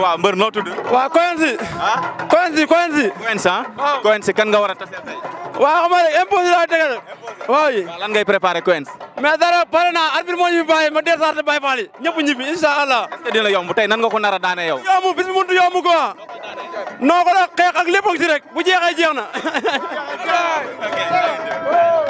waaw mbër noo tudd. waaw Koyensi. ah Koyensi Koyensi. Koyensi ah. waaw Koyensi kan nga war a tase tey. waaw xam nga rek imposé laa tegal. waaw lan ngay préparé Koyensi. mais dara pare naa arbitre moo ñu fi ma desaat Baye Fall yi ñëpp ñibbi incha allah. est-ce yomb tey nan nga ko nar a daane yow. yomb bis mu yomb noo ko doon xeex ak lépp si rek bu jeexee jeex na.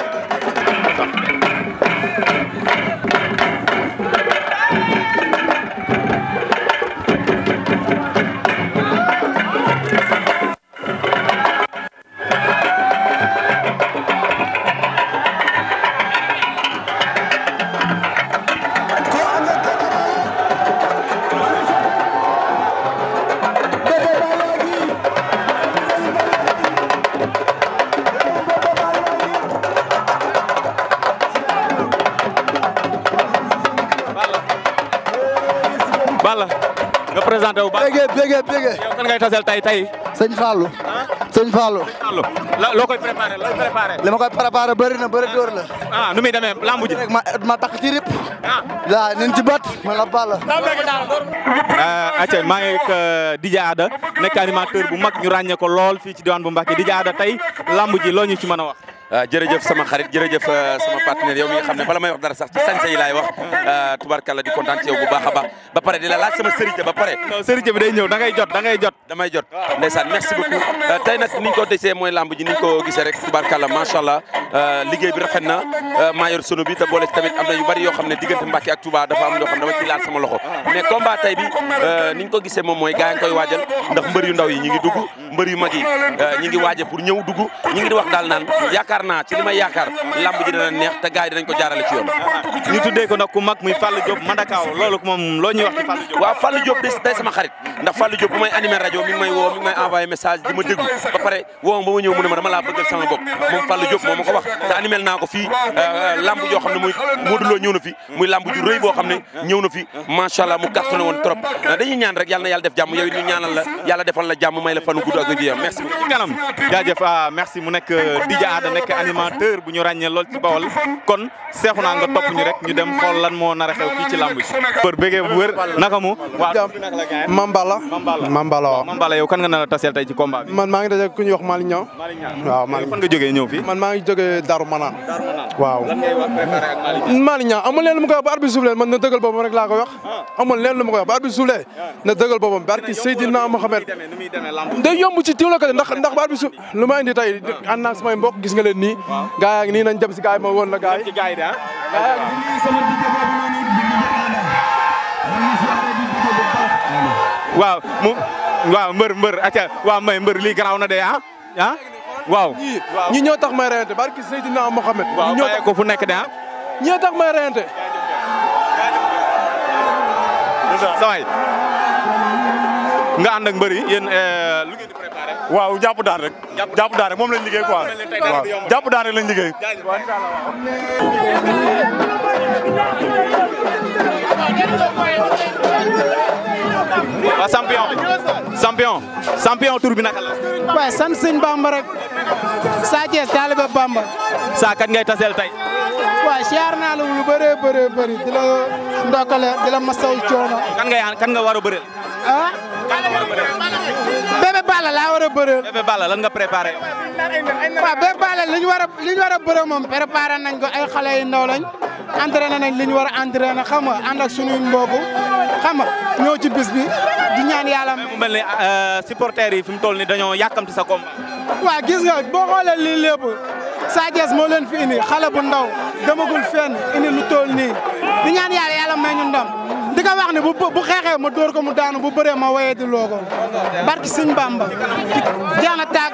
présenté wu baax bégee bégee bégee. yow tay tay sëñ Fallou. sëñ Fallou. la loo koy préparé loo préparé. li koy préparé bëri na bëri la. Ah, nu muy demee lambu ji. ma ma takk ci rip. ah nañ ci bat ma la ball. Euh, acca maa ngi ak euh, Didier Ada nekk animateur bu mag ñu ràññee ko lool fii ci diwaan bu Mbacké Didier Ada tey lambu ji loo ñu ci mën a wax. Euh, jërëjëf sama xarit jërëjëf euh, sama partenaire yow mi nga xam ne bala may wax dara sax ci sañse yi laay wax euh, tubarkalla di kontaan ci yow bu baax a baax ba pare di la sama sërite ba pare sërite bi day ñëw da ngay jot da ngay jot damay jot ndeysaan merci beaucoup tey nag ko desee mooy lamb ji niñ ko gisee rek tubarkalla macha allah liggéey bi rafet na maa yor te boole tamit am na yu bari yoo xam ne diggante Mbàkke ak Touba dafa am yoo xam ne dama ci laal sama loxo mais combat tey bi niñ ko gisee moom mooy gaa ngi koy waajal ndax mbër yu ndaw yi ñu ngi dugg mbër yu mag yi euh, ñi ngi waaje pour ñëw dugg ñi ngi di wax daal naan yaakaar naa ci li may yaakaar lamb ji dana neex te gars yi dinañ ko jaarale ci yoon ñu tuddee ko ku mag muy Fallou Diop Mandakaaw loolu moom loo ñuy wax ci Fallou may animé rajo mi ngi may woo mi ngi may envoyé message di ma déglu ba pare woo ba ma ñëw mu ne ma dama laa bëggal sama bopp moom Fallou Diop moo ma ko wax te animé naa ko fii euh, lamb xam ne muy Modou Lo ñëw na fi muy lamb rëy boo xam ne ñëw na fi macha allah mu kàttanu togg ji yam merci beaucoup ci kanam jaajëf ah, merci mu nekk euh, Dija Ada nekk animateur bu ñu ràññee lool ci Bawol kon seexu naa nga topp ñu rek ñu dem xool lan moo nar a xew fii ci lamb ji bër bëggee bu wër naka mu waaw Mambala Mambala waaw Mambala yow kan nga nar a taseel tey ci combat bi man maa ngi daje ku ñuy wax Malick Niang waaw Malick fan nga jógee ñëw fii man maa ngi jógee Darou Manane waaw Malick leen lu ma koy wax na dëggal boppam rek laa ah. ah. na dëggal boppam barki làmb ci tiw la ko ndax ndax baat bi su lu ma indi tey ànd naa samay mbokk gis nga leen nii gaa yaa ngi nii nañ dem si gaa yi ma woon la ah. gaa yi gaa waaw mbër mbër acca waaw may mbër lii garaaw na de ah ah ñi ñoo tax may reyante barki Seydina Mohamed ñi ñoo tax ko fu nekk de ah. ñoo tax may reyante saway waaw jàpp daan rek. jàpp daan rek moom lañ liggéey quoi waaw jàpp daan rek lañ liggéey. waaw ah, champion champion champion tur bi la. waaye sant sëñ Bamba rek. Sa Thiès Bamba. saa kat ngay taseel tey. waaw siyaar naa la lu bëree bëree bëri di la masaw coono. kan nga war a bëreel. Ah? Balla laa war a bëreel. Bébé Balla lan nga préparé. waaw Bébé Balla li ñu war a li ñu war a bëreel moom préparé nañ ko ay xale yu ndaw lañ entraîné nañ li ñu war a entraîné xam nga ànd ak suñuy mbokku xam nga ñëw ci bis bi di ñaan yàlla. mais mu mel ni euh, supporters yi fi mu toll nii dañoo yàkkamti sa combat. waaw gis nga boo xoolee lii lépp Sa Thiès moo fi indi xale bu ndaw demagul fenn indi lu toll nii di ñaan yàlla yàlla may ñu di ko wax ne bu bu xeexee ma dóor ko mu daanu bu bëree ma wayeti loo ko barki Sëñ Bamba jaana tàgg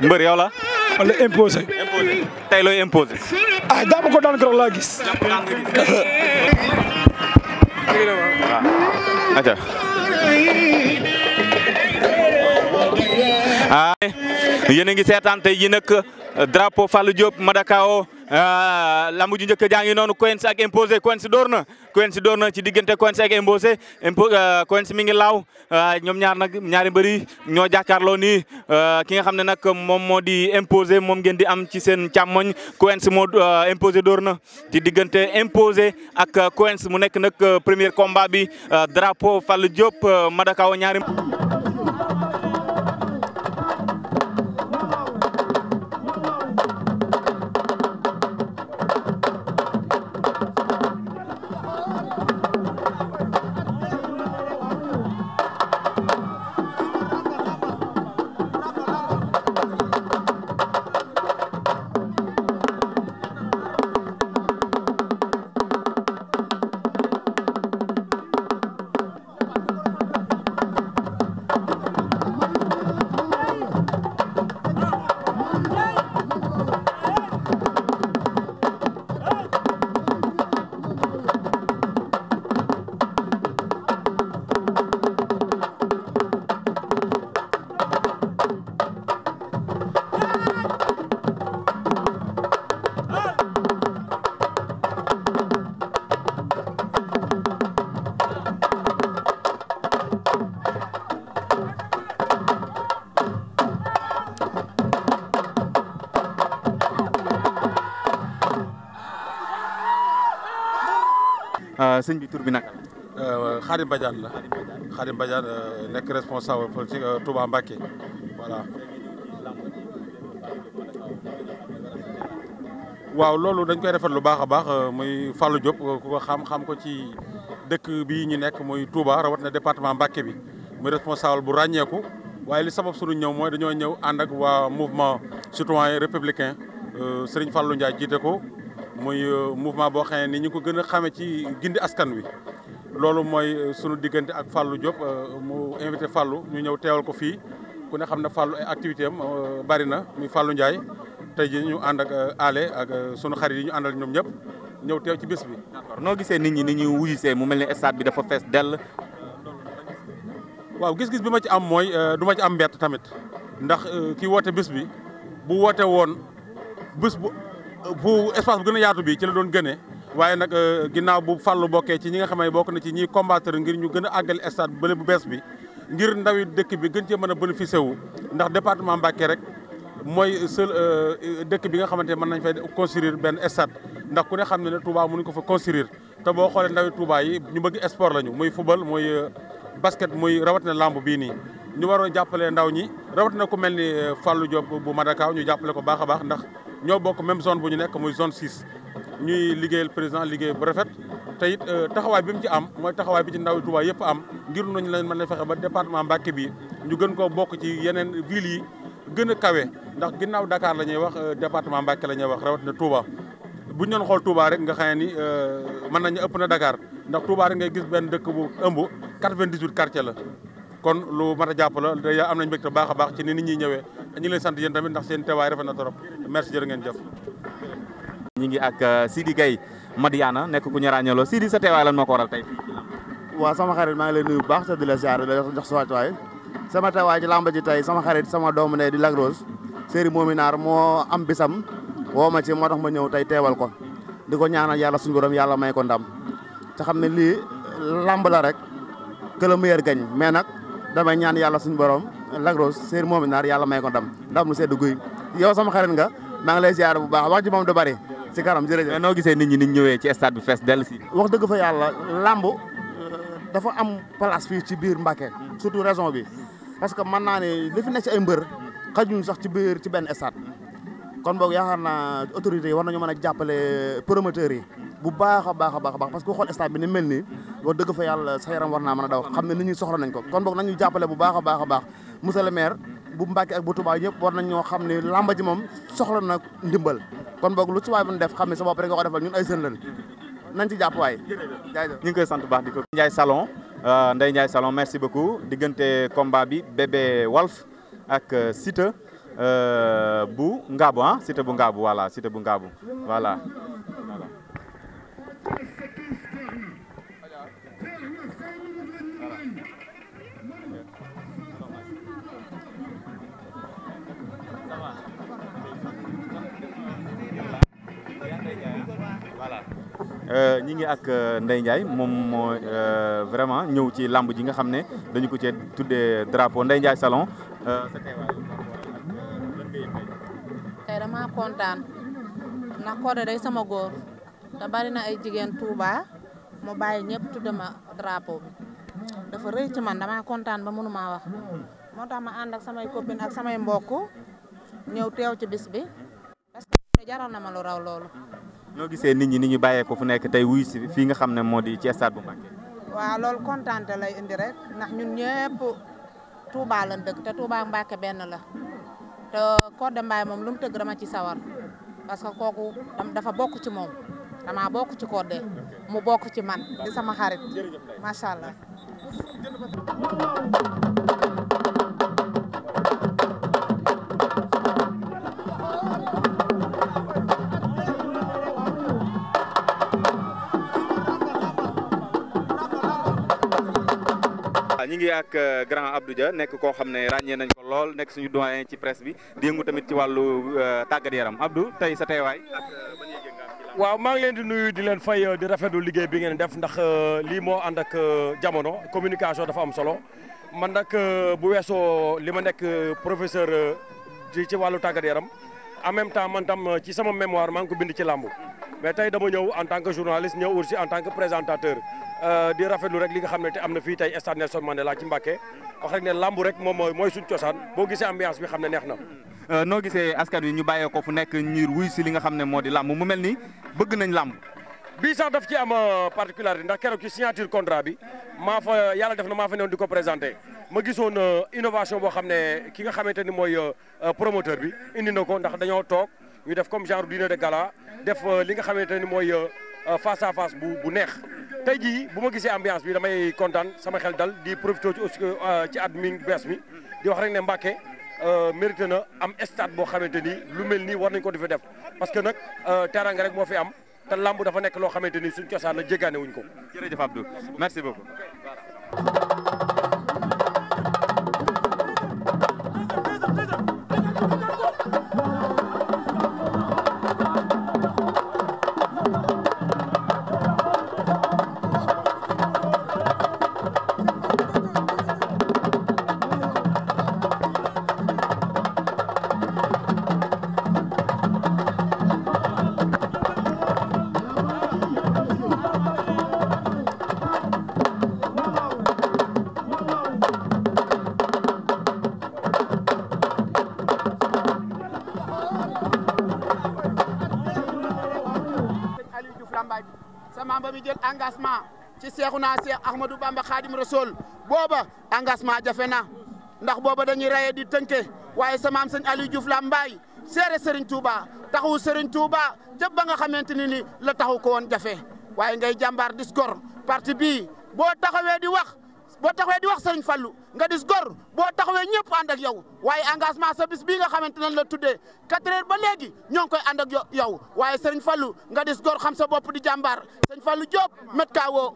mbër yow la. wala looy imposé. ah jàpp ko daan keroog laa gis. jàpp ko ah, a ngi seetaan tey jii nag drapeau Fallou Diop Euh, lambu ju njëkk jaa ngi noonu Quench ak Imposé Quench door na Quench door na ci diggante Quench ak Imposé impo euh, Quench mi ngi laaw euh, ñoom ñaar nag ñaari mbër yi ñoo jàkkaarloo nii ki nga xam ne nag moom moo di Imposé moom ngeen di am ci seen càmmoñ Quench moo Imposé door na ci diggante Imposé ak Quench mu nekk nag premier combat bi drapeau Fallou Diop Madakaw ñaari. sëñ bi tur bi naka la. Xarim euh, Badiane la Xarim Badiane euh, nekk responsable politique euh, Touba Mbacké voilà. waaw loolu dañ koy rafet lu baax a baax muy Fallou Diop ku ko xam-xam ko ci dëkk bi ñu nekk muy Touba rawat na département Mbacké bi muy responsable bu ràññeeku waaye li sabab suñu ñëw mooy dañoo ñëw ànd ak waa mouvement citoyen républicain Serigne fallu Ndiaye jiite ko. muy euh, mouvement boo xam ne ni ñu ko gën a xamee ci gindi askan wi loolu mooy euh, sunu diggante ak Fallou Diop euh, mu invité fàllu ñu ñëw teewal ko fii ku ne xam na Fallou ay activité am bari na muy Fallou Ndiaye te ji ñu ànd ak ale ak sunu xarit yi ñu àndal ñoom ñëpp ñëw teew ci bés bi. noo gisee nit ñi ni ñuy wuyusee mu mel ne stade bi dafa fees dell. waaw gis-gis bi ma ci am mooy du ma ci am mbett tamit ndax ki woote bés bi bu woote woon bés bu. bu espace bu gën yaatu bi ci la doon gëne waaye nag euh, ginnaaw bu fàllu bokkee ci ñi nga xam ne bokk na ci ñiy combattre ngir ñu gën a àggali stade bële bu bees bi ngir ndawi dëkk bi gën cee mën a bénéficier wu ndax département Mbacké rek mooy seul euh, dëkk bi nga xamante mën nañ fay construire benn stade ndax ku ne xam ne ne Touba mënuñ ko fa construire te boo xoolee ndawi Touba yi ñu bëgg sport lañu muy football mooy euh, basket muy rawatina lamb bii nii ñu waroon jàppale ndaw ñi rawatina ku mel ni Fallou Diop bu Madakaw ñu jàppale ko baax a baax ndax ñoo bokk même zone bu ñu nekk muy zone 6 ñuy liggéeyal président liggéey bu rafet te it euh, taxawaay bi mu ci am mooy taxawaay bi ci ndaw Touba yëpp am ngir nañu leen mën a fexe ba département Mbacké bi ñu gën koo bokk ci yeneen villes yi gën a kawe ndax ginnaaw Dakar la ñuy wax euh, département Mbacké la ñuy wax rawat ne Touba bu ñoon doon xool Touba rek nga xamee ni euh, mën nañu ëpp na Dakar ndax Touba rek ngay gis benn dëkk bu ëmb 98 quartier la kon lu mat a jàpp la day am nañ mbégte baax a baax ci ni nit ñi ñëwee ñu ngi leen sant yéen tamit ndax seen teewaay rafet na trop merci jërë ngeen jëf. ñu ngi ak euh, Sidi Gaye Madiana nekk ku ñu ràññeeloo Sidi sa teewaay lan moo ko waral tey. waaw sama xarit maa ngi lay nuyu bu baax te di la ziar di la jox sa wàccuwaay sama teewaay ci làmb ji tey sama xarit sama doomu ne di Lac Rose Seri Mominaar moo am bisam woo ma ci moo tax ma ñëw tey teewal ko di ko ñaanal yàlla suñu borom yàlla may ko ndam te xam ne lii làmb la rek que le meilleur gagne mais nag damay ñaan yàlla suñu borom. Lac Rose séer moom it naar yàlla may ko ndam ndam lu sedd guy yow sama nga maa ngi lay ziar bu baax wax ji moom du bari si kanam jërëjëf. mais ni ñëwee ci stade bi fees dell si. wax dëgg fa yàlla làmb euh, dafa am place fii ci biir mbake surtout raison bi parce que mën naa ne li fi nekk ci ay mbër xajuñ sax ci biir ci benn stade kon boog yaakaar naa autorités yi war nañu man a jàppale promoteurs yi bu baax a baax a baax parce que xool stade bi ni mel nii wax dëgg fa yàlla sa yaram war naa m xam ne nit ñi soxla nañ ko kon boog nañu jàppale bu baax a baax baax monsieur le maire bu Mbàkke ak bu Touba ñëpp war nañ ñoo xam ne làmba ji moom soxla na ndimbal kon boog lu ci waay mën def xam ne sa bopp rek nga ko defal ñun ay seen lan nañ ci jàpp waay jaajëf ñu ngi koy sant baax di ko Ndiaye Salon euh, Ndeye Ndiaye Salon merci beaucoup diggante combat bi bébé Walf ak euh, Siteu euh, bu Ngaabu ah Siteu bu Ngaabu voilà Siteu bu Ngaabu voilà Euh, ñi ngi ak euh, Ndeye Ndiaye moom moo euh, vraiment ñëw ci làmb ji nga xam ne dañu ko ci tuddee drapeau Ndeye Ndiaye salon. tey dama kontaan ndax Codé day sama góor te bari na ay jigéen Touba mu bàyyi ñëpp tudde ma drapeau dafa rëy ci man dama kontaan ba mënu maa wax moo tax ma ànd ak samay copine ak samay mbokk ñëw teew ci bis bi parce que jaral na ma lu raw loolu. noo gisee nit ñi ni ñu bàyyeekoo fu nekk tey wuy si fii nga xam ne moo di ci stade bu Mbacké. waaw loolu kontaante lay indi rek ndax ñun ñëpp Touba lañ dëkk te Touba Mbacké benn la te Codé Mbaye moom lu mu tëgg dama ci sawar parce que kooku dafa bokk ci moom dama bokk ci Codé mu bokk ci man di sama xarit macha allah. ngi ak euh, grand Abdou Dia nekk koo xam ne ràññee nañ ko lool nekk suñu doyen ci presse bi di yëngu tamit ci wàllu euh, tàggat yaram Abdou tey sa teewaay. waaw maa ngi leen di nuyu di leen fay di rafetlu liggéey bi ngeen def ndax euh, lii moo ànd ak jamono communication dafa am solo man nag bu weesoo li ma nekk professeur ci wàllu tàggat yaram en même temps man tam ci sama mémoire maa ngi ko bind ci làmb mais tey dama ñëw en tant que journaliste ñëw aussi en tant que présentateur euh, di rafetlu rek li nga xam ne te am na fii tey stade Nelson Mandela ci Mbacké wax rek ne lamb rek moom mooy mooy suñu cosaan boo gisee ambiance bi xam ne neex na. Euh, noo gisee askan wi ñu bàyyee ko fu nekk ñuy wuy si li nga xam ne moo di lamb mu mel ni bëgg nañ lamb. bii sax daf ci am euh, particularité ndax keroog ci signature contrat bi maa fa yàlla def na maa fa newoon di ko présenté ma gisoon innovation boo xam ne ki nga xamante ni mooy promoteur bi indi na ko ndax dañoo toog. ñu def comme genre dîner de gala def euh, li nga xamante ni mooy euh, euh, face à bu bu neex tey jii bu ma gisee ambiance bi damay kontaan sama xel dal di profité ci aussi ci at mi bees mi di wax rek ne Mbacké mérité na am stade boo xamante ni lu mel ni war nañ ko defee def parce que nag teranga rek moo fi am te lamb dafa nekk loo xamante ni suñ cosaan a jéggaane wuñ ko. jërëjëf Abdou merci ba mu jël engagement ci Seexuna Seex Ahmadou Bamba Xaadim Rasool booba engagement jafe na ndax booba dañuy rayee di tënke waaye sa sañ sëñ Aliou Diouf Lambaye seere Serigne Touba taxawu sëriñ Touba jëpp ba nga xamante ne ni la taxaw ko woon jafe waaye ngay jàmbaar discours parti bii boo taxawee di wax. boo taxawee di wax sëriñ Fallu nga dis gor boo taxawee ñëpp ànd ak yow waaye engagement sa bis bii nga xamante nan la tuddee quatre heures ba léegi ñoo ngi koy ànd ak yow waaye sëriñ Fallu nga dis gor xam sa bopp di jàmbaar sëriñ Fallu Diop met kaawoo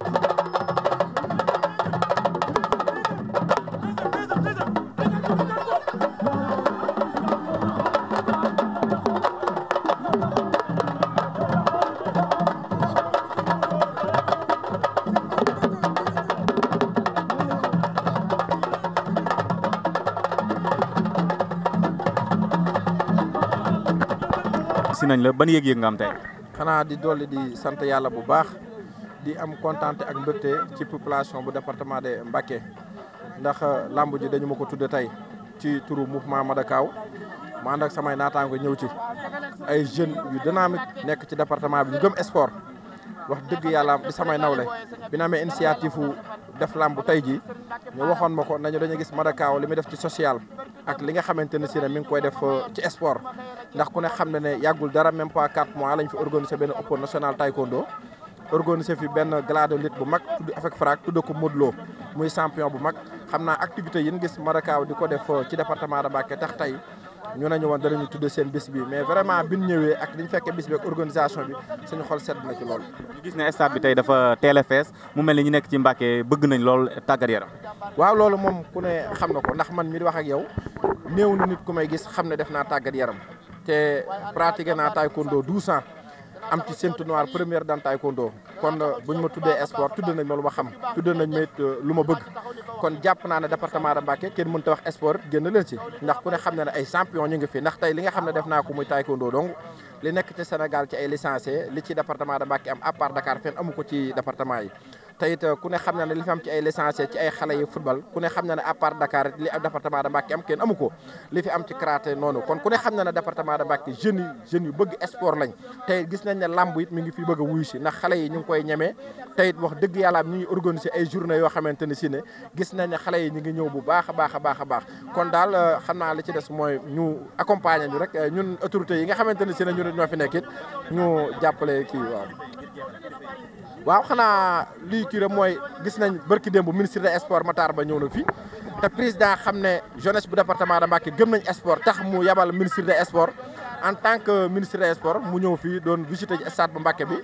nañ la ban yëg-yëg nga tey. xanaa di dolli di sant yàlla bu baax di am kontante ak mbégte ci population bu département de Mbacké ndax euh, lamb ji dañu ma ko tudde tey ci turu mouvement Madakaw ma ànd ak samay naataango ñëw ci ay jeunes yu dynamique nekk ci département bi ñu gëm sport. wax dëgg yàlla di samay nawle bi na amee initiative wu def làmb tey jii ñu waxoon ma ko nañu dañu gis Madakaw li muy def ci social ak li nga xamante ne si ne mi ngi koy def euh, ci sport ndax ku ne xam ne ne yàggul dara même pas 4 mois lañ fi organisé benn open national taekwondo organisé fi benn gala de lutte bu mag tudd avec frac tudd ko Modou Lo muy champion bu mag xam naa activité yi ñu gis Madakaw di ko def euh, ci département de Mbacké tax tey ñu nañu woon ñu tuddee seen bis bi mais vraiment bi ñu ñëwee ak li ñu fekkee bis bi ak organisation bi suñu xol sedd na ci lool. ñu gis ne stade bi tey dafa teel fees mu mel ni ñu nekk ci Mbàkke bëgg nañ lool tàggat yaram. waaw loolu moom ku ne xam na ko ndax man mi di wax ak yow néew na nit ku may gis xam ne def naa tàggat yaram te pratiqué naa taekwondo douze ans. am ci ceinture noire première dans taekwondo kon euh, bu ñu ma tuddee sport tudd nañ ma lu ma xam tudd nañ ma euh, lu ma bëgg kon jàpp naa ne département de Mbacké kenn mënut a wax sport génn leen ci ndax ku ne xam na ne ay champion ñu ngi fi ndax tey li nga xam ne def naa ko muy taekwondo donc li nekk ci Sénégal ci ay licenciés li ci département de Mbacké am à Dakar fenn amu ko ci département yi te it ku ne xam na ne li fi am ci ay licenciés ci ay xale yu football ku ne xam na ne à part Dakar li département de Mbacké am kenn amu ko li fi am ci karaté noonu kon ku ne xam na ne département de Mbacké jeunes yi jeunes yu bëgg sport lañ te it gis nañ ne làmb it mi ngi fi bëgg a wuyu si ndax xale yi ñu ngi koy ñemee te it wax dëgg yàlla ñu ngi organiser ay journée yoo xamante ne si ne gis nañ ne xale yi ñu ngi ñëw bu baax a baax a baax a baax kon daal euh, xam naa li ci des mooy ñu accompagner ñu rek euh, ñun autorités yi nga xamante ne si ne ñu ñoo fi nekk it ñu jàppale kii waaw waaw xanaa lii kii rek mooy gis nañ barki démb ministre des ma Matar Ba ñëw na fi te président xam ne jeunesse bu département de Mbacké gëm nañ sport tax mu yabal ministre des sports en tant que ministre des sports mu ñëw fii doon visiter stade bu Mbacké bi.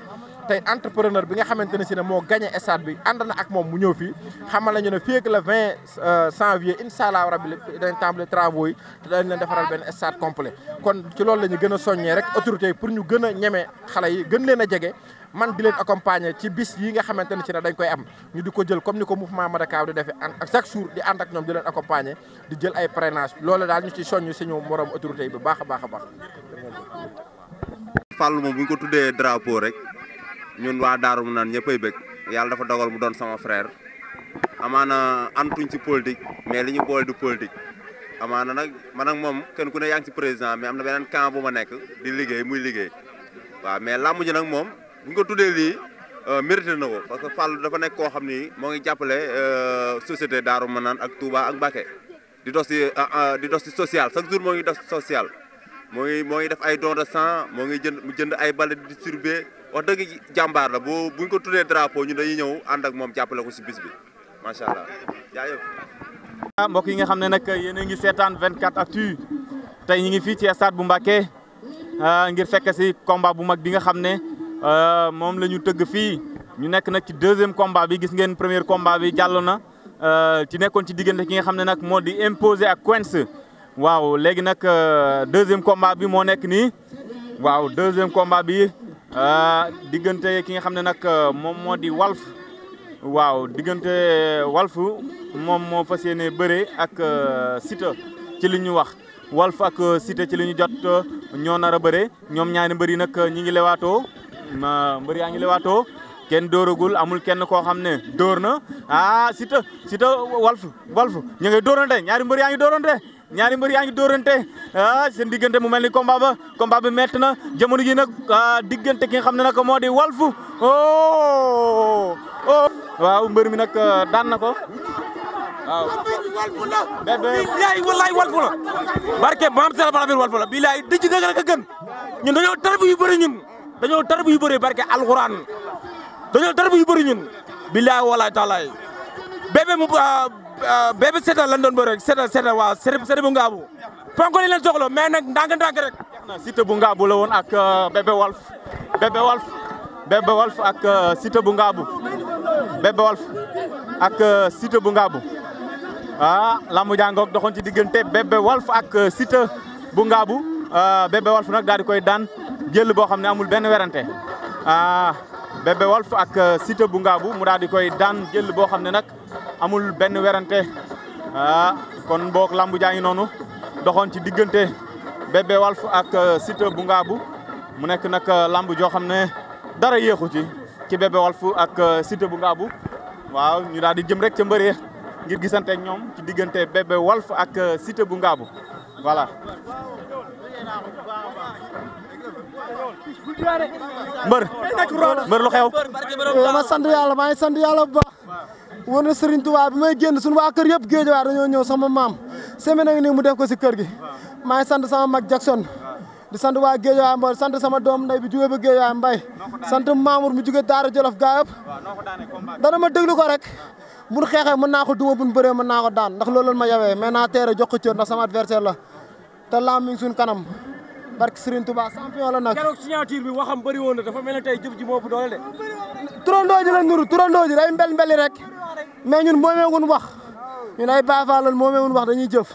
tey entrepreneur bi nga xamante ne si ne moo gagné stade bi ànd na ak moom mu ñëw fii xamal nañu ne fii ak le 20 euh, janvier incha allah rabi dañ tàmbali travaux yi te dañ leen defaral benn stade complet kon ci loolu la ñu gën a soññee rek autorité yi pour ñu gën a ñeme xale yi gën leen a jege man di leen accompagner ci bis yi nga xamante ne si ne dañ koy am ñu di ko jël comme ni ko mouvement Madakaw di defee ak chaque jour di ànd ak ñoom di leen accompagner di jël ay parrainage loolu daal ñu ci soññ suñu morom autorité yi bu baax a a baax. Fallou moom ko tuddee drapeau rek. ñun waa Darou mu naan ñëppay bëgg yàlla dafa dogal bu doon sama frère amaana antuñ ci politique mais li ñu boole du politique amaana nag man moom kenn ku ne yaa ngi ci président mais am na beneen camp bu ma nekk di liggéey muy liggéey waaw mais làmb ji nag moom bu nga ko tuddee lii euh, mérité na ko parce que Fall dafa nekk koo xam ni moo ngi jàppale euh, société Darou mu naan ak Touba ak Mbacké di dox euh, di dox social chaque jour moo ngi dox social moo ngi moo def ay don de moo ngi jënd mu jënd ay bale di distribuer wax dëgg jàmbaar la bu buñ ko tuddee drapeau ñu dañuy ñëw ànd ak moom jàppale ko si bis bi macha allah jaajëf. Ah, mbokk yi nga xam ne nag yéen a ngi seetaan 24 actu tey ñu ngi fii ci stade bu Mbacké ah, ngir fekk si combat bu mag bi nga xam ne ah, moom la ñu tëgg fii ñu nekk nag ci deuxième combat bi gis ngeen premier combat bi jàll na ci nekkoon ci diggante ki nga xam ne nag moo di imposé ak Quench waaw léegi nag deuxième combat bi moo nekk nii waaw deuxième combat bi. Ah, diggante ki nga xam ne nag euh, moom moo di Walf waaw diggante euh, Walf moom moo fa yéene bëre ak euh, Siteu ci li ñu wax Walf ak Siteu ci li ñu jot ñoo nar a bëre ñoom ñaari mbër yi nag ñi ngi lewaatoo mbër yaa ngi lewaatoo kenn dóoragul amul kenn koo xam ne dóor na ah Siteu Siteu Walf Walf ñu ngi de ñaari mbëri yaa ngi dóorante ñaari mbër yaa ngi dóorante ah seen diggante mu mel ni combat ba combat bi métti na jamono ji nag ah, diggante ki nga xam ne nag moo di walfu oh oh. waaw mbër mi nag ah, dan na ko waaw. bilaay walaay walfu la barke maam Sera Bala walfu la bilaay dëj dëgg rek a gën ñun dañoo tarbu yu bëri ñun dañoo tarbu yu bëri barke alxuraan dañoo tarbu yu bëri ñun bilaay walaay taalaay Euh, Bébé Siteu lan doon bëre Siteu Siteu waaw Siteu bu ngaabu ponk li leen soxla mais nag ndànk-ndànk rek. Siteu bu ngaabu la woon ak euh, Bébé Walf Bébé Walf Bébé Walf ak euh, Siteu bu ngaabu Bébé Walf bu ngaabu ah lambu doxoon ci diggante Bébé Walf ak Siteu bu ngaabu Bébé Walf nag daal di koy daan jël boo xam ne amul benn werante ah Bébé ak Siteu bu ngaabu mu daal di koy daan jël boo xam ne nag. amul benn werante ah kon boog lambu jaa ngi noonu doxoon ci diggante bébé walf ak euh, Siteu bu ngaabu mu nekk nag euh, lamb joo xam ne dara yéexu ci ci bébé walf ak euh, Siteu bu ngaabu waaw ñu daal di jëm rek ca mbëre ngir gisante ñoom ci diggante bébé walf ak Siteu bu ngaabu voilà mbër lu xew ma sant yàlla maa ngi sant yàlla bu war na Serigne tubaa bi may génn suñu waa kër yëpp géej waa dañoo ñëw sama maam semaine ngi nii mu def ko si kër gi maa ngi sant sama mag Jackson di sant waa géej waa Mboy sant sama doom nday bi jóge ba géej waa Mbay sant Mamour mu jóge Daara Jolof gaa yëpp dana ma déglu ko rek mun xeexee mën naa ko duma buñ bëree mën naa ko daan ndax loolu ma yawee mais naa teere jox ko cër ndax sama adversaire la te laam mi ngi kanam barke Serigne Touba champion la nag. keroog signature bi waxam bëri woon na dafa mel ne tey jëf ji moo bu doole de. turandoo ji la nuru mais ñun moomeewuñ wax ñun ay Baay Faal moomeewuñ wax dañuy jëf.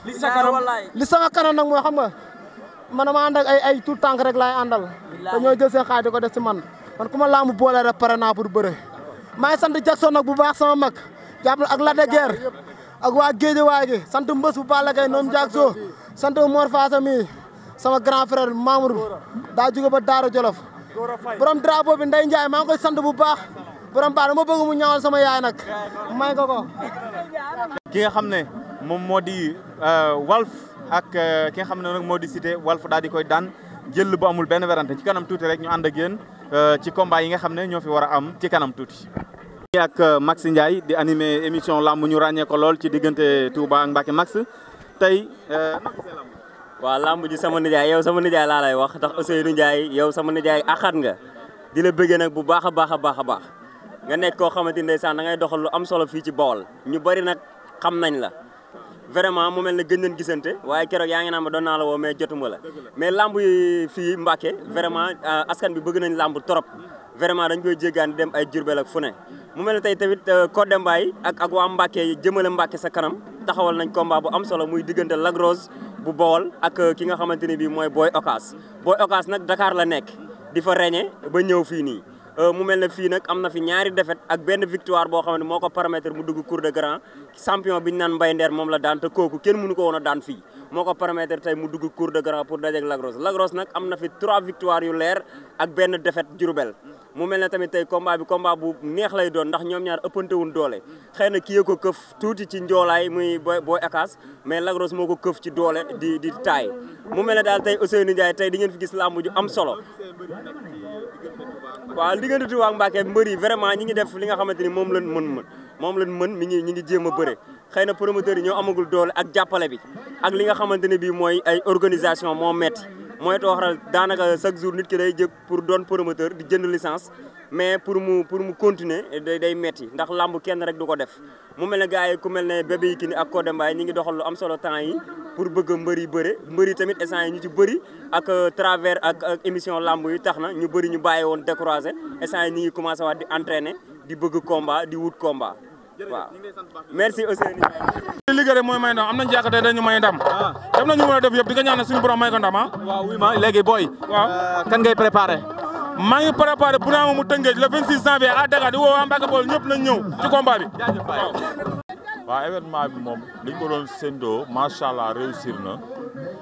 li sama kanam nag mooy xam nga man dama ànd ak ay ay tout tànk rek laay àndal. dañoo jël seen xaaj di ko def si man man ku ma laamu boole a pare naa pour bëre. maa sant Jackson nag bu baax sama mag jàpp na ak Lac de Guiers ak waa Géejawaay gi sant mbës bu Balla Gaye noom Jackson sant Mor Faasa mi sama grand frère Mamour daa jóge ba Daara Jolof borom drapeau bi Ndeye Ndiaye maa ngi sant bu baax. borom baax dama bëgg mu ñawal sama yaay nag may ko ko. nga xam ne moom moo di euh, Walf ak euh, ki nga xam ne nag moo di cité Walf daal di koy daan jël bu amul benn werante ci kanam tuuti rek ñu ànd ak yéen euh, ci combat yi nga xam ne ñoo fi war a am ci kanam tuuti. ak Max Ndiaye di anime émission làmb ñu ràññeeko ko lool ci diggante Touba mbaki Mbacke Max tey. waaw làmb ji sama nijaay yow sama nijaay laa lay wax ndax Ousseynou Ndiaye yow sama nijaay axat nga di la bëggee nag bu baax a baax a baax a baax. nga nekk koo xamante ni ndeysaan da ngay doxal lu am solo fii ci Bawol ñu bari nag xam nañ la vraiment mu mel ne gën nañ gisante waaye keroog yaa ngi naan ma doon naa la woo mais jotuma la mais lamb yi fii mbake vraiment euh, askan bi bëgg nañ lamb trop vraiment dañ koy jéggaani dem ay Jurbel ak fu ne mu mel ne tey tamit euh, Codé Mbaye ak ak waa Mbacke jëmale Mbacke sa kanam taxawal nañ combat bu am solo muy diggante lagros bu Bawol ak euh, ki nga xamante ni bii mooy Boy Okas Boy Okas nag Dakar la nekk di fa reñe ba ñëw fii nii Euh, mu mel ne fii nag am na fi ñaari défaite ak benn victoire boo xam ne moo ko permettre mu dugg cour de grand champion bi ñu naan Mbaye Nder moom la daan te kooku kenn mënu ko woon a daan fii moo ko permettre tey mu dugg cour de grand pour dajeeg Lagros Lagros nag am na fi trois victoires yu leer ak benn défaite Diourbel mu mel ne tamit tey combat bi combat bu neex lay doon ndax ñoom ñaar ëppante wun doole xëy na kii ko këf tuuti ci njoolaay muy boo booy Akaas mais Lagros moo ko këf ci doole di di taay mu mel ne daal tey Ousseynou Ndiaye tey di ngeen fi gis làmb ju am solo. waaw diggante Touba ak Mbacké mbër yi vraiment ñi ngi def li nga xamante ni moom lañ mën mën moom lañ mën mi ngi ñi ngi jéem a bëre xëy na promoteurs yi ñoo amagul doole ak jàppale bi ak li nga xamante ne bii mooy ay organisation moo metti mooy too waral daanaka chaque jour nit ki day jëg pour doon promoteur di jënd licence mais pour mu pour mu continuer day day metti ndax làmb kenn rek du ko def mu mel ne gars yi ku mel ne Bébé Yékini ak Codé Mbaye ñi ngi doxal lu am solo temps yi pour bëgg a bëre mbëri tamit instant yi ñu ci bëri ak euh, travers ak ak émission làmb yi tax na ñu bëri ñu bàyyi woon découragé instant yi ñu ngi commencé waat di entraîner di bëgg combat di wut combat waaw merci aussi li liggéey rek mooy may ndam am nañu yaakaar dañu may ah. def nañu mën a def yëpp di may ko ah. ma léegi booy euh, kan ngay préparé maa ngi préparé bu mu tëngeej le 26 janvier à a di woo waa Mbacke Bawol ñëpp nañ ñëw ci combat bi waaw événement bi moom liñ ko doon séndoo macha allah réussir na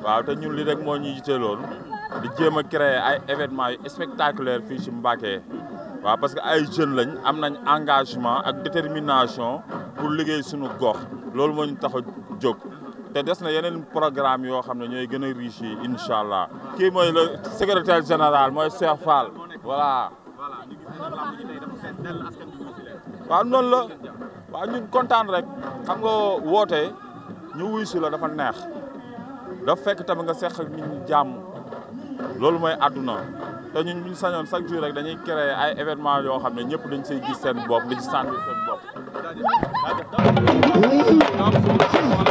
waaw te ñun li rek moo ñu yite loon di jéem a créer ay événement yu spectaculaire fii ci Mbacke waaw parce que ay jeunes lañ am nañ engagement ak détermination pour liggéey suñu gox loolu moo ñu tax a te des na yeneen programme yoo xam ne ñooy gën a riche yi incha allah kii mooy le secrétaire général mooy Cheikh Fall voilà. waaw noonu la waa ñu kontaan rek xam nga wootee ñu wuy si la dafa neex dafa fekk tamit nga seq ak nit ñi jàmm loolu mooy àdduna te ñun bu ñu sañoon chaque jour rek dañuy créer ay événement yoo xam ne ñëpp dañ say gis seen bopp di ci sentir seen bopp.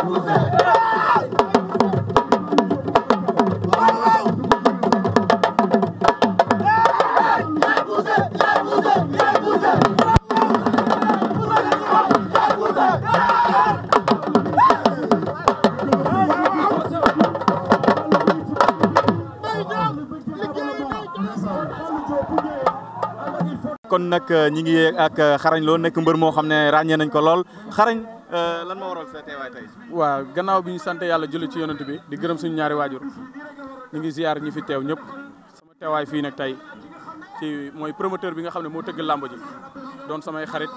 kon nag euh, ñi ngi ak euh, xarañ loo nekk mbër moo xam ne ràññee nañ ko lool xarañ waaw gannaaw bi ñu sant yàlla julli ci yonent bi di gërëm suñu ñaari waajur ñu ngi ziar ñi fi teew ñëpp sama teewaay fii nag tey ci mooy promoteur bi nga xam ne moo tëgg làmb ji doon samay xarit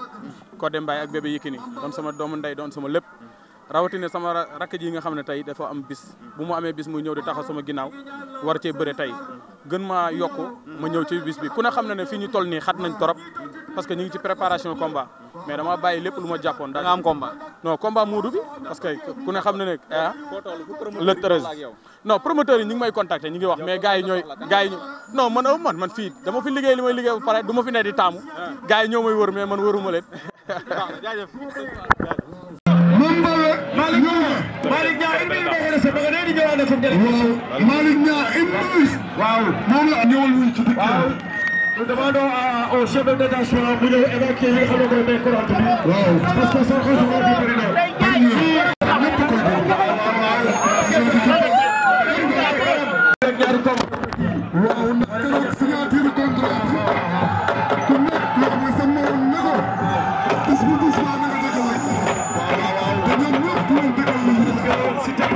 Codé Mbaye ak bébé Yékini doon sama doomu ndey doon sama lépp rawatina sama rakk ji nga xam ne tey dafa am bis bu mu amee bis muy ñëw di taxaw sama ginnaaw war cee bëre tey gën maa yokk ma ñëw ci bis bi ku ne xam ne ne fii ñu tol nii xat nañ torop parce que ñu ngi ci préparation combat mais dama bàyyi lépp lu ma jàppoon danga am komba non combat muudu bi parce que ku ne xam ne ne ah le treize non promoteur yi ñu ngi may contacter ñu ngi wax mais gars yi ñooy gars yi non man a oh, man man fii dama fi liggéey li ma liggéey ba pare du ma fi ne di taamu ah. gars yi ñoo may wër mais Mambala Malick Malick Niang une minute nga resté ba nga nee di ñëwaat ne comme tey. waaw Malick Niang une minute. waaw moom la ñëwal ñu ci dëkk waaw nous demandons à au chef de détention mu ñëw évacuer li nga xam ne mooy mbay courante bi. waaw parce que soo ko soxlaa bi bëri na. waaw. Siteu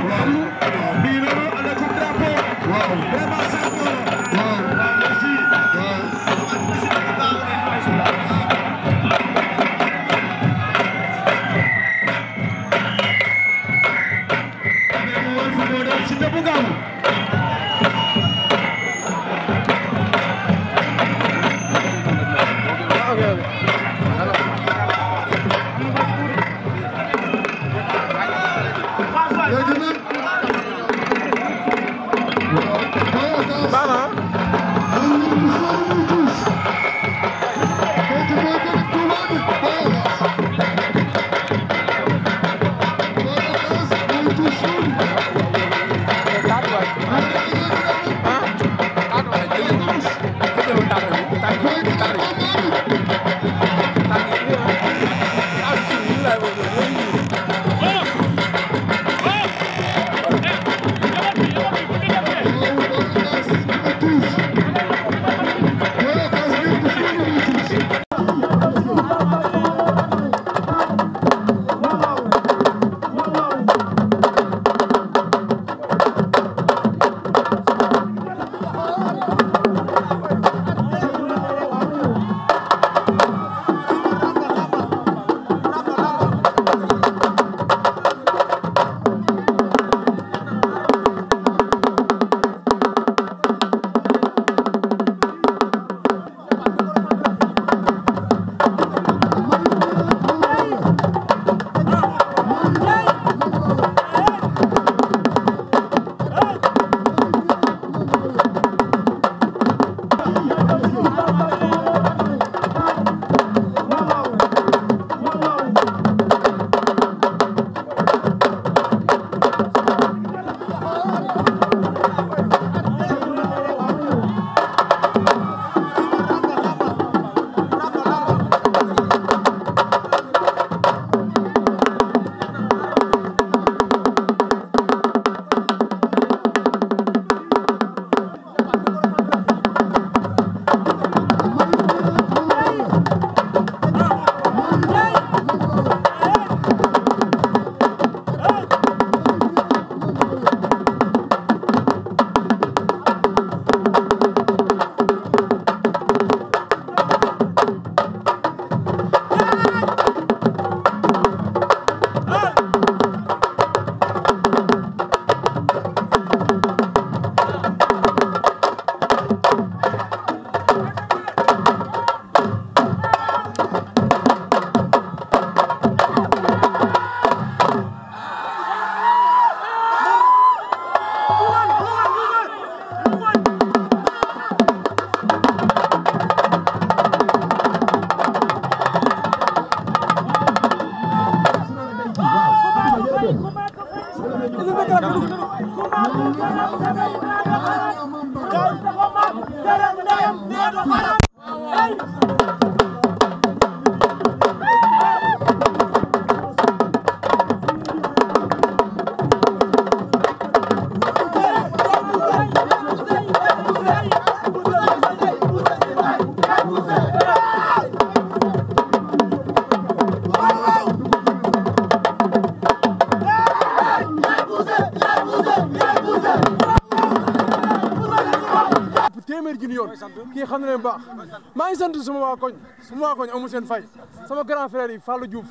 su ma koñ amul seen fay sama grand frère yi Fallou Diouf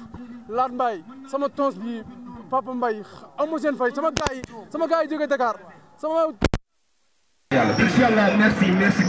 Laat Mbaye sama tons bi Papa Mbaye amul seen fay sama a yi sama gars yi jóge Dakar sama. yàlla yàlla merci merci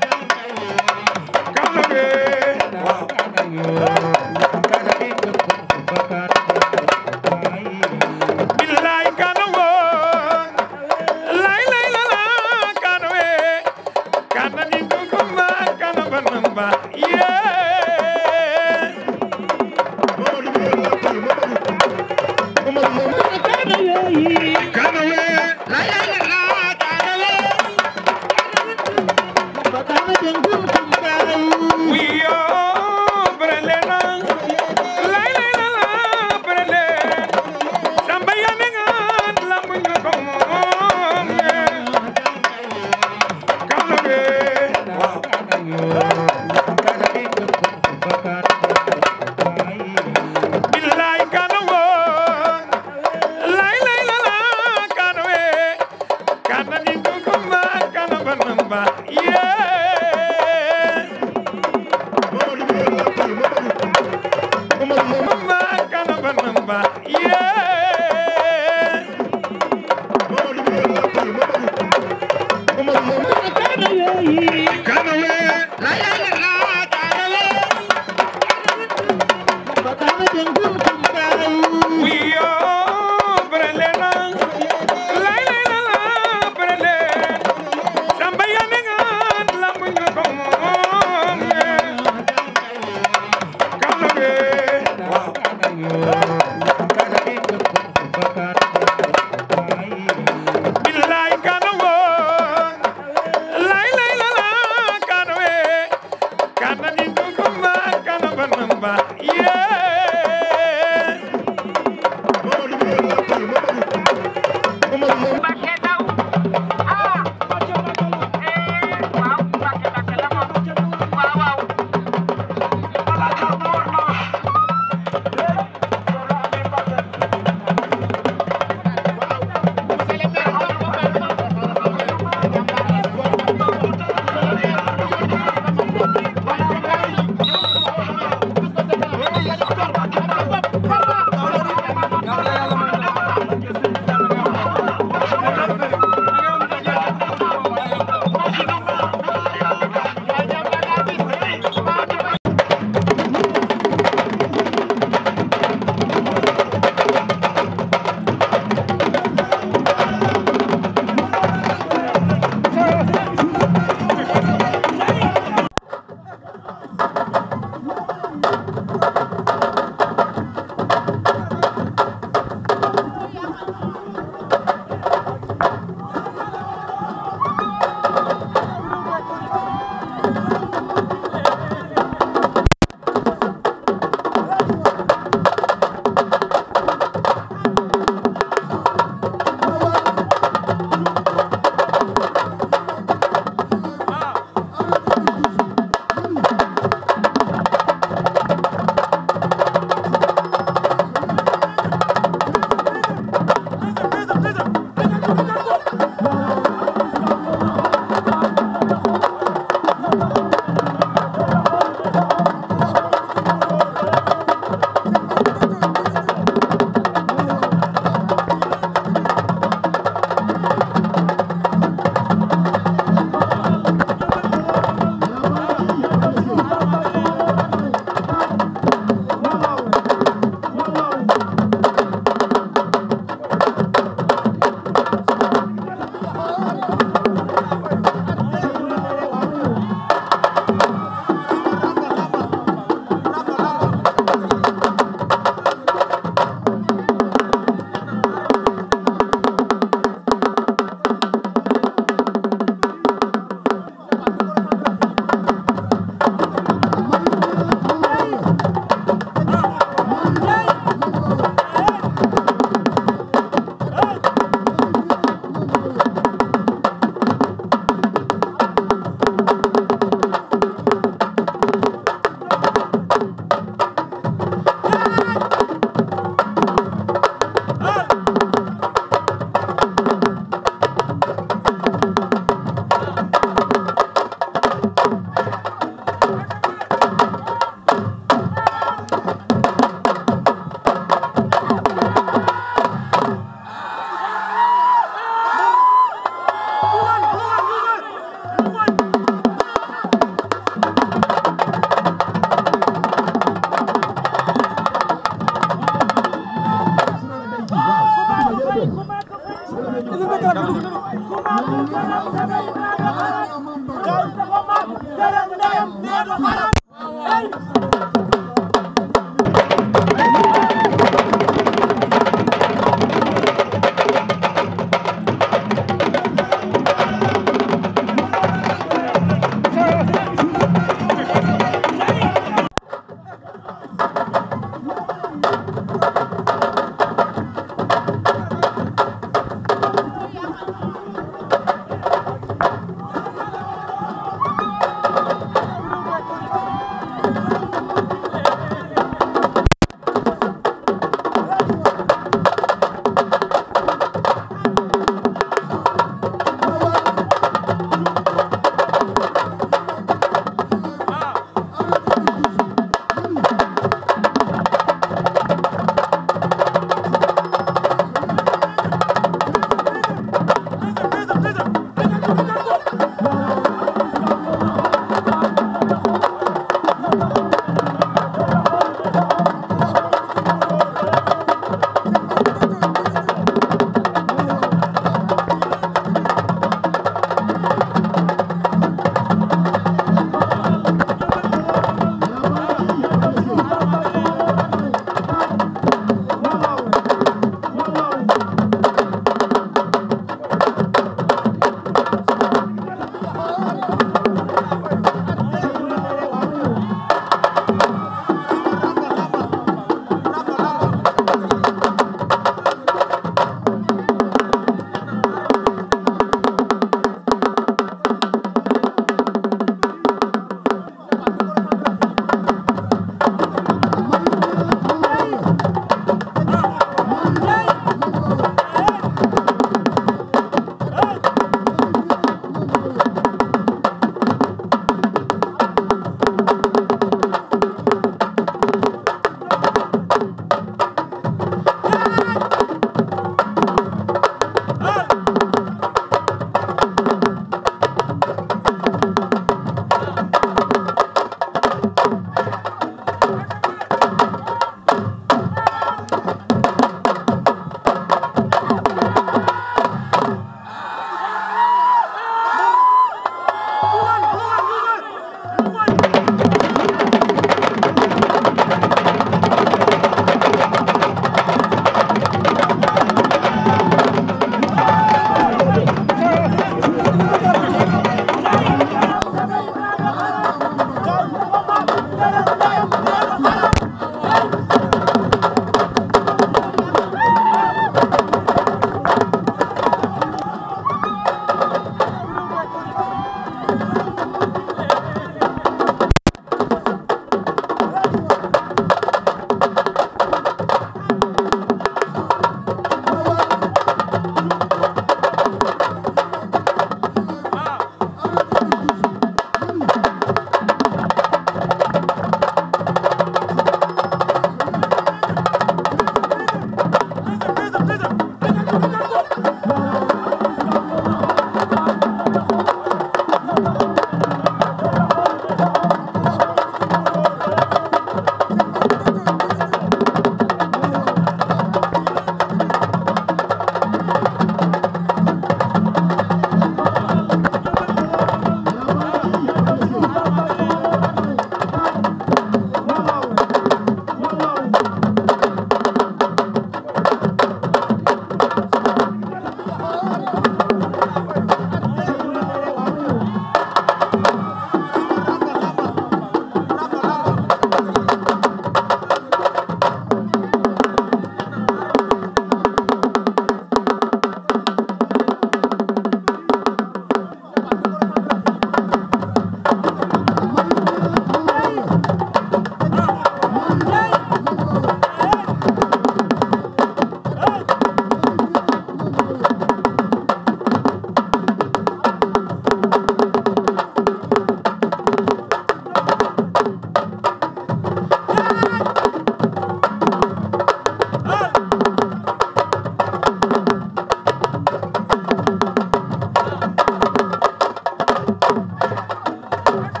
Thank you.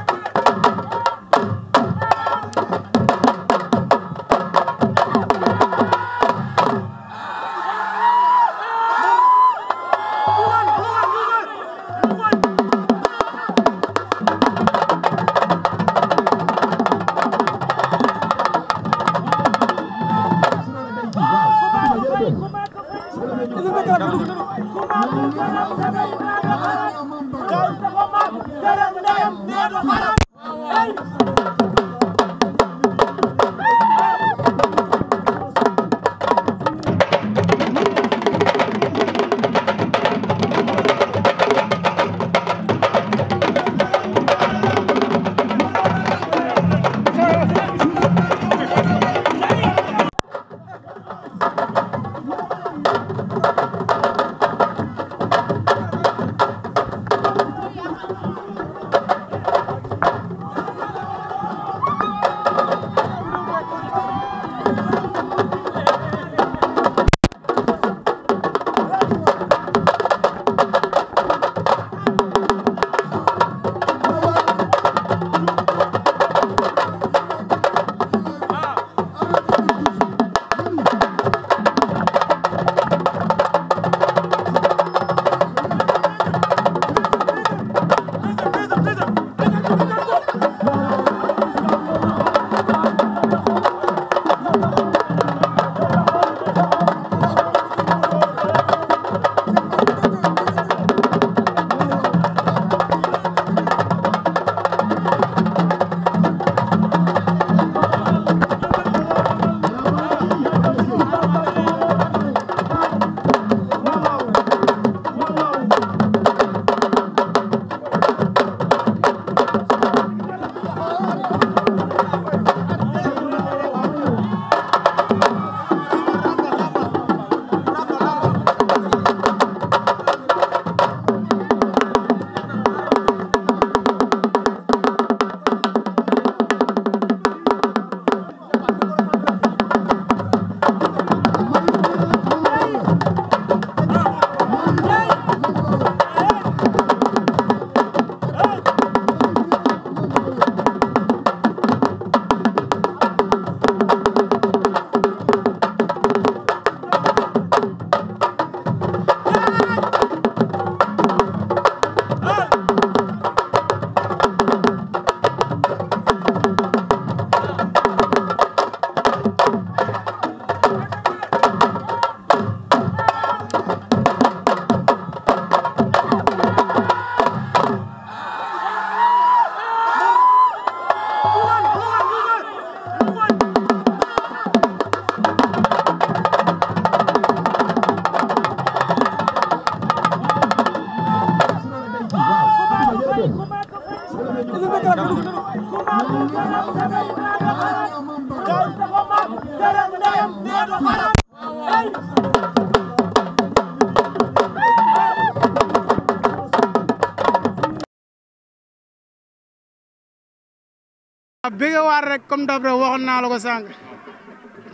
waaw bëgg waar rek comme d' après waxoon naa la ko sànq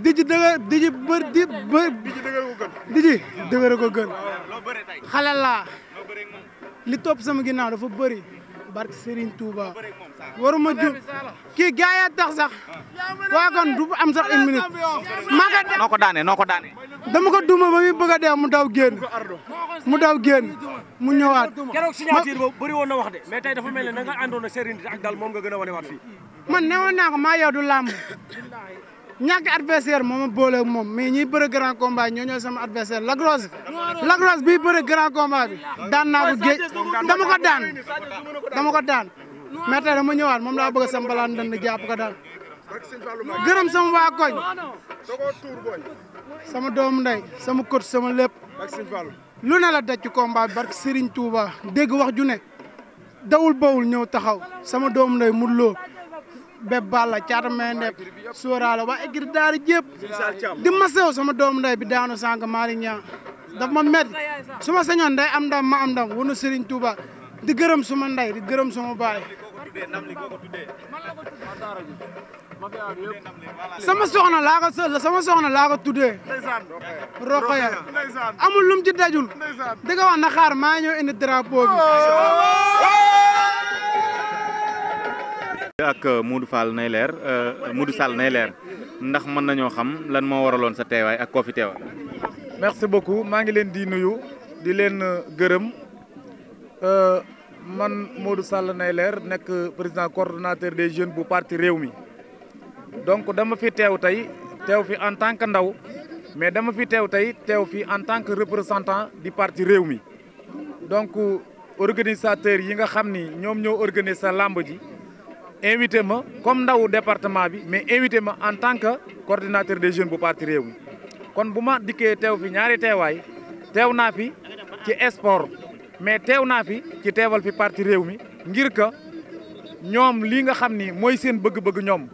di ji dëgër di ji dëgër ko gën xale top li topp sama ginnaaw dafa bëri barke Serigne Touba waruma jub kii gars yi tax sax waa kon du am sax une minute. maa ko daane noo ko daane. dama ko duma ba muy bëgg a mu daw génn mu daw génn mu ñëwaat. keroog signature boobu bëri woon na wax de mais tey dafa mel ne na nga àndoon ak Serigne ak dal moom nga gën a wane waat fii. man newoon naa ñàkk adversaire moom a boole moom mais ñiy bëre grand combat ñoo sama adversaire Lac Rose Lac Rose bii bëre grand combat daan naa ko dama ko daan dama ko daan mais tey dama ñëwaat moom laa bëgg sam balaan dënd jàpp ko daan gërëm sama waa koñ sama doom ndey sama kët sama lépp lu ne la daj ci combat bi barke Serigne Touba dégg wax ju ne dawul bawul ñëw taxaw sama doom ndey mu loo Bébé caata may ndeb sóoraale egir daari jépp di masew sama doomu ndey bi daanu sànq Malick Niang daf ma métti su ma day am ndam ma am ndam wuna Serigne Touba di gërëm suma ndey di gërëm suma baay sama soxna laa ko sël sama soxna laa ko tuddee Rokhaya amul lum ci dajul di nga wax na xaar maa ak euh, Modou Fall nay leer euh, Modou Sall nay leer ndax mën nañoo xam lan moo waraloon sa teewaay ak koo fi teewal. merci beaucoup maa ngi leen di nuyu di leen euh, gërëm man Modou Sall nay leer nekk président coordonnateur des jeunes bu parti réew mi donc dama fi teew tey teew fi en tant que ndaw mais dama fi teew tey teew fi en tant que représentant di parti réew mi donc organisateurs yi nga xam ni ñoom ñoo organiser sa làmb ji. invité ma comme ndawu département bi mais invité ma en tant que coordinateur des jeunes bu parti mi kon bu ma dikkee teew fi ñaari teewaay teew naa fi ci sport mais teew naa fi ci teewal fi parti mi ngir que ñoom lii nga xam ni mooy seen bëgg-bëgg ñoom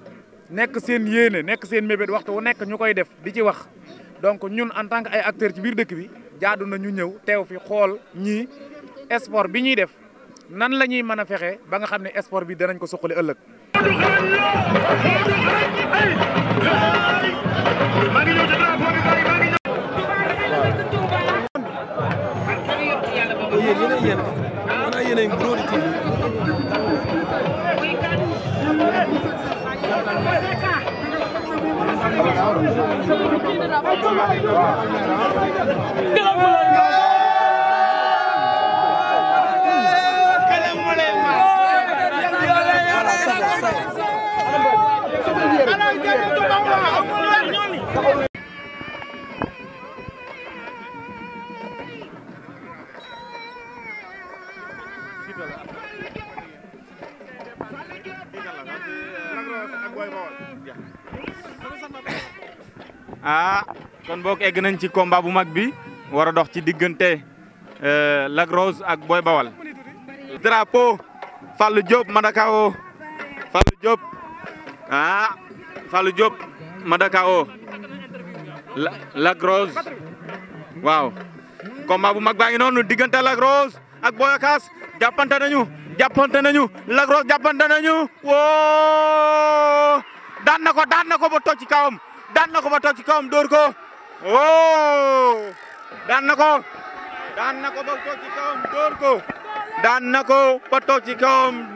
nekk seen yéene nekk seen mébét waxtu wu nekk ñu koy def di ci wax donc ñun en tant que ay acteurs ci biir dëkk bi jaadu na ñu ñëw teew fi xool ñii sport bi ñuy def nan lañuy ñuy mën a fexe ba nga xam ne sport bi danañ ko suqali ëllëg. ah kon boog egg nañ ci komba bu mag bi war a dox ci diggante euh, Lac Rose ak Boy Bawal. drapeau Fallou Diop Madakawo Fallou Diop ah Fallou Diop Madakawo. Lac Rose waaw combat bu mag baa ngi noonu diggante Lac Rose ak Boy Akass jàppante nañu jàppante nañu Lac Rose jàppante nañu woo daan ko daan ko ba toj ci kawam daan ko ba ci kawam dóor ko woo daan ko daan na ko ba toj ci kawam ko daan ko ba toj ci